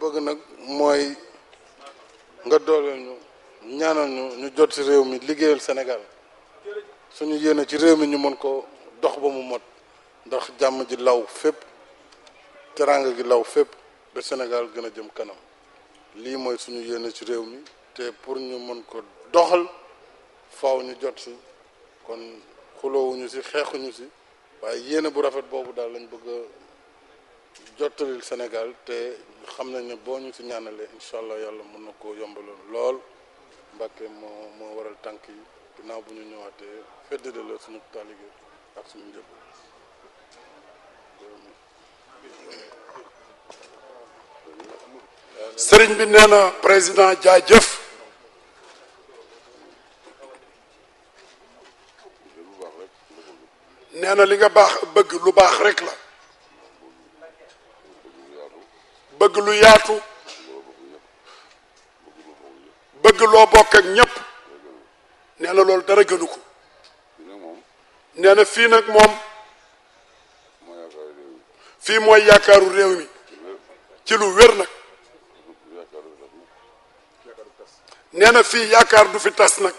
bëgg nag mooy nga dooleel ñu ñaanal ñu jot ci réew mi liggéeyal Sénégal suñu yéene ci réew mi ñu mën ko dox ba mu mot ndax jàmm ji law fépp teraanga gi law fépp ba Sénégal gën a jëm kanam lii mooy suñu yéene ci réew mi te pour ñu mën ko doxal faaw ñu jot si kon xuloowuñu si xeexuñu si waaye yéene bu rafet boobu daal lañ bëgg jottalil Sénégal te xam nañ ne boo ñu si ñaanalee incha yàlla mën na koo yombaloon lool Mbàkke moo moo waral tànk yi naaw bu ñu ñëwaatee feddale la suñu taalibe ak suñu njëb sëriñ bi nee na président jaajëf nee na li nga baax bëgg lu baax rek la bëgg lu yaatu bëgg loo bokk ak ñépp nee na loolu dara gënu ko nee na fii nag moom fii mooy yaakaaru réew mi ci lu wér nag nee fii yaakaar du fi tas nag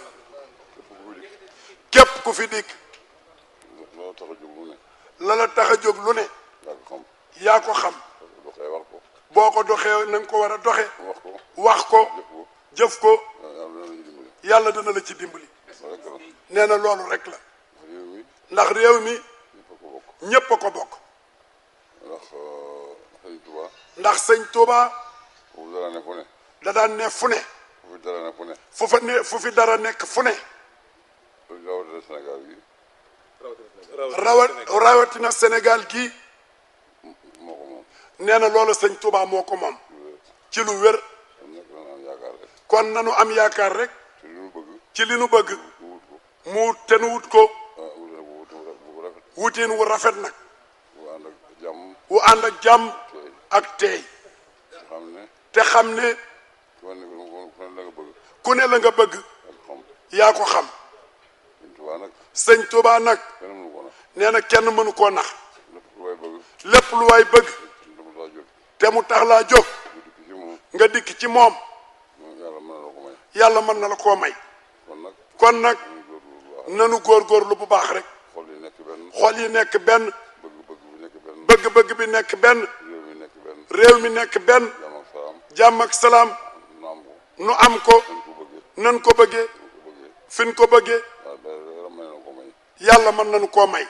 képp ku fi dikk la la tax a jóg lu ne yaa ko xam boo ko doxee na nga ko war a doxe wax ko jëf ko yàlla dana la ci dimbali nee na loolu rek la ndax réew mi ñépp ko bokk ndax sëñ Touba ndax sëñ Touba ne fu ne fu fu dara nekk fu ne rawatina Sénégal gi rawatina Sénégal gi nee na loolu sëñ moo ko moom. ci lu wér. kon nanu am yaakaar rek. ci li nu bëgg. mu te wut ko. wutiin wu rafet nag. wu ànd ak jàmm. ak teey te xam ne. ku ne nga bëgg. yaa ko xam. sëñ Touba nag. nee na kenn mënu ko nax. lépp lu bëgg. te mu tax laa jóg nga dikk ci moom yàlla mën na la ko may kon nag nanu lu bu baax rek xol yi nekk benn bëgg-bëgg bi nekk benn réew mi nekk benn jàmm ak salaam nu am ko nan ko bëggee fin ko bëggee yàlla mën nañu koo may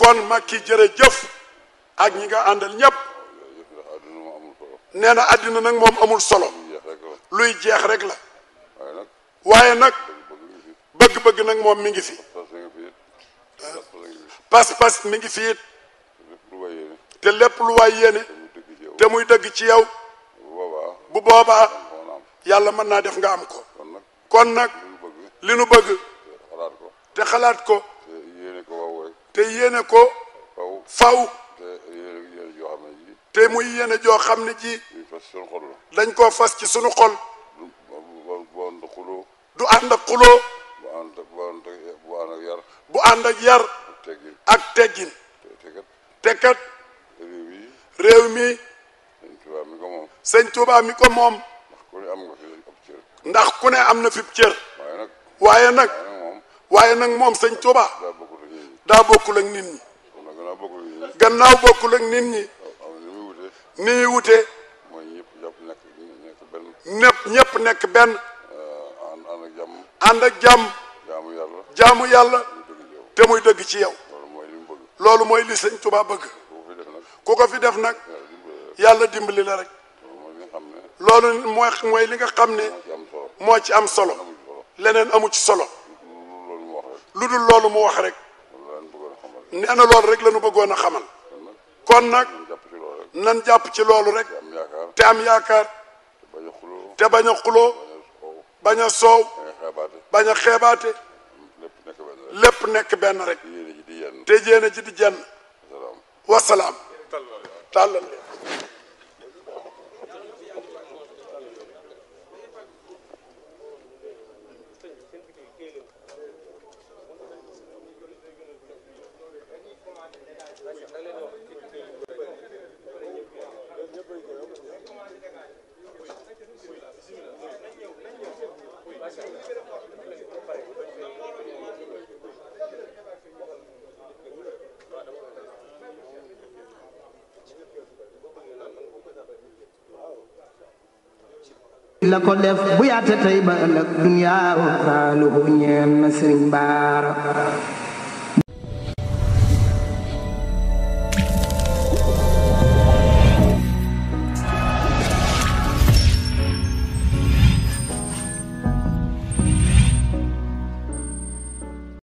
kon Macky jëf ak ñi nga àndal ñépp nee na àddina nag moom amul solo luy jeex rek la waaye nag bëgg-bëgg nag moom mi ngi fi pas-pas mi ngi fi te lépp lu waay yéene te muy dëgg ci yow bu boobaa yàlla mën naa def nga am ko kon nag li nu bëgg te xalaat ko te yéene ko faw te muy yéene joo xam ne ji. dañ koo fas ci suñu xol. du ànd ak xuloo. du ànd ak xuloo. bu ànd ak yar. bu ànd ak yar. ak teggin ak réew mi. réew mi. sëñ Tuubaa mi ko moom. ndax ku ne am na fi cër. waaye nag. waaye nag. waaye nag moom sëñ Tuubaa. daa bokkul ak nit ñi. gannaaw bokkul ak nit ñi. nekk benn. ànd ak jàmm. ànd ak jàmm. jaamu yàlla. te muy dëgg ci yow. loolu mooy li sëñ Tuubaa bëgg. ku ko fi def nag. yàlla dimbali la rek. loolu mooy mooy li nga xam ne. moo ci am solo. leneen amu ci solo. lu dul loolu mu wax rek. nee na loolu rek la bëggoon a xamal. kon nag nan jàpp ci loolu rek. te am yaakaar. te bañ a xuloo bañ a soow bañ a xeebaate lépp nekk benn rek te jéene ci di jenn wasalaam tàllal la ko def bu yaate tey ba ëllëg duniyaaru xaaluhu ñeel na sëriñ baara